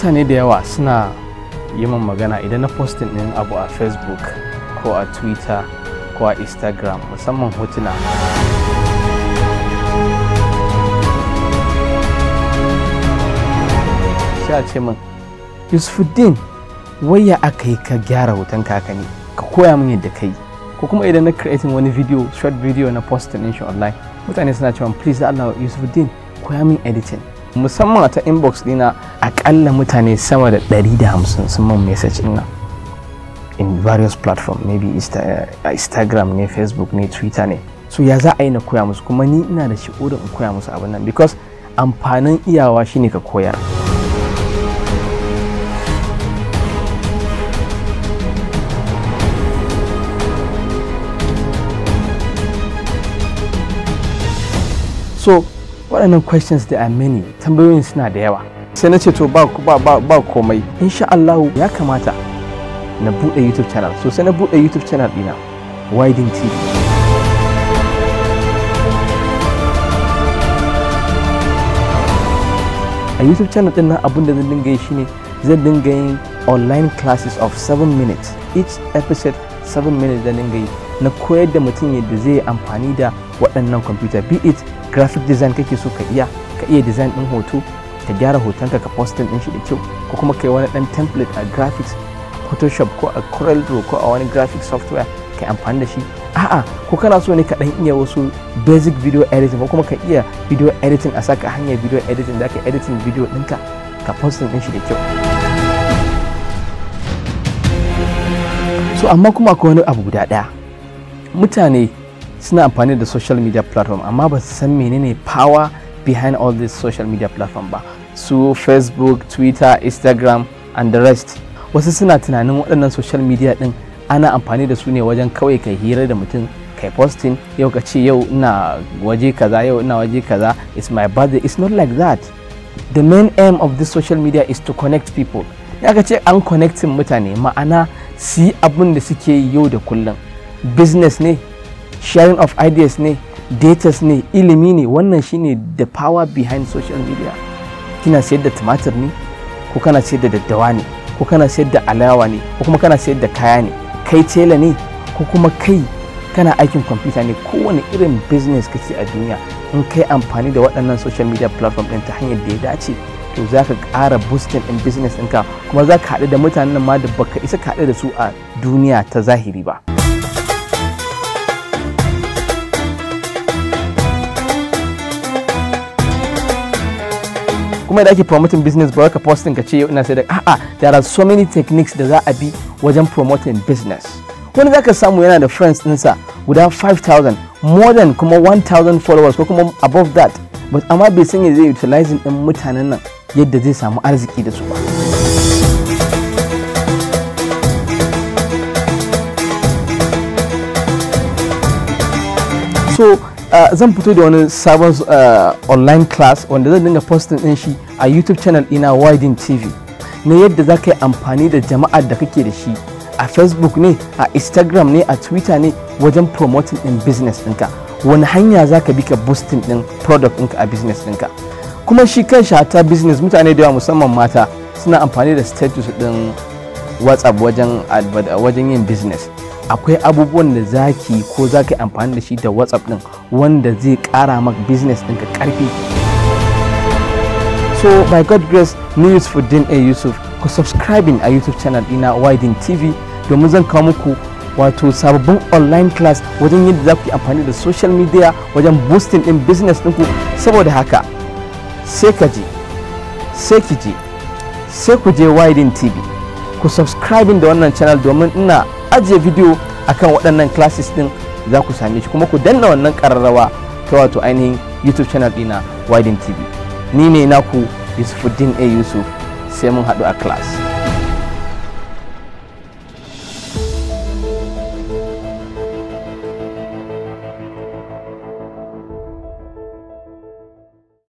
mutane da yawa suna yi min magana idan na postin ɗin abu a facebook ko a twitter ko a instagram musamman hotuna sai a ce min yusufuddin waya aka yi ka gyara hoton kakani ka koya min yadda ka yi ko kuma idan na creating wani video short video na posting din shi online mutane suna cewa please Allah Yusufuddin koya min editing musamman ta inbox dina akalla mutane sama da 150 sun man message ina in various platform maybe eh, instagram ne facebook ne twitter ne so ya za a yi na koya musu kuma ni ina da shi'urin in koya musu abin nan because amfanin iyawa shine ka koya so waɗannan questions da are many tambayoyin suna da yawa sai na ce to ba ba komai insha Allah ya kamata na buɗe YouTube channel so sai na buɗe YouTube channel ɗina Widen TV a YouTube channel ɗin nan abin da zan dinga yi shine zan dinga yin online classes of 7 minutes each episode 7 minutes da dinga yi na koyar da mutum yadda zai amfani da waɗannan computer be it graphic design kake so ka iya ka iya design ɗin hoto ka gyara hotonka ka posting din shi da kyau ko kuma kai wani dan template a graphics photoshop ko a corel draw ko a wani graphic software kai amfani da shi a'a ko kana so ne ka dan iya wasu basic video editing ko kuma ka iya video editing a saka hanyar video editing da ka editing video ɗinka ka posting din shi da kyau so amma kuma akwai wani abu guda ɗaya mutane suna amfani da social media platform amma ba su san menene power behind all these social media platform ba su facebook twitter instagram and the rest wasu suna tunanin waɗannan social media ɗin ana amfani da su ne wajen kawai kai hira da mutum kai posting yau ka ce yau ina waje kaza yau ina waje kaza it's my birthday it's not like that the main aim of this social media is to connect people ya ka ce an connecting mutane ma'ana si abun da suke yau da kullum business ne sharing of ideas ne data ne ilimi ne wannan shine the power behind social media kina sayar da tumatir ne ko kana sayar da daddawa ne ko kana sayar da alawa ne ko kuma kana sayar da kaya ne kai tela ne ko kuma kai kana aikin kwamfuta ne kowane irin business kake a duniya in kai amfani da waɗannan social media platform ɗin ta hanyar da ya dace to za ka ƙara boosting in business ɗinka kuma za ka haɗu da mutanen ma da baka isa ka haɗu da su a duniya ta zahiri ba. kuma da ake promoting business ba ka posting ka ce ina sai da a'a there are so many techniques da za a bi wajen promoting business wani zaka samu yana da friends ɗinsa guda 5000 more than kuma 1000 followers ko kuma above that but amma bai sanya zai utilizing ɗin mutanen nan yadda zai samu arziki da su ba so Eh, zan fito da wani sabon eh, online class wanda zan dinga postin din shi a youtube channel ina widen tv na yadda za ka yi amfani da jama'a da kake da shi a facebook ne a instagram ne a twitter ne wajen promoting din business ɗinka wani hanya za ka bi ka boosting din product ɗinka a business ɗinka kuma shi kan shata business mutane da yawa musamman mata suna amfani da status din whatsapp wajen yin business akwai abubuwan da za ki ko za ka yi amfani da shi da whatsapp din wanda zai kara maka business ɗinka karfi so by god grace ni yusuf din a yusuf ku subscribing a youtube channel ina widen tv domin zan kawo muku wato sababbin online class wajen yadda za ku yi amfani da social media wajen boosting din business ɗinku saboda haka sai ka je sai ki je sai ku je widen tv ku subscribing da wannan channel domin ina ajiye bidiyo akan waɗannan classes din za ku same shi kuma ku danna wannan ƙararrawa ta wato ainihin youtube channel ɗina widen tv ni ne naku yusufuddin a yusuf sai mun haɗu a class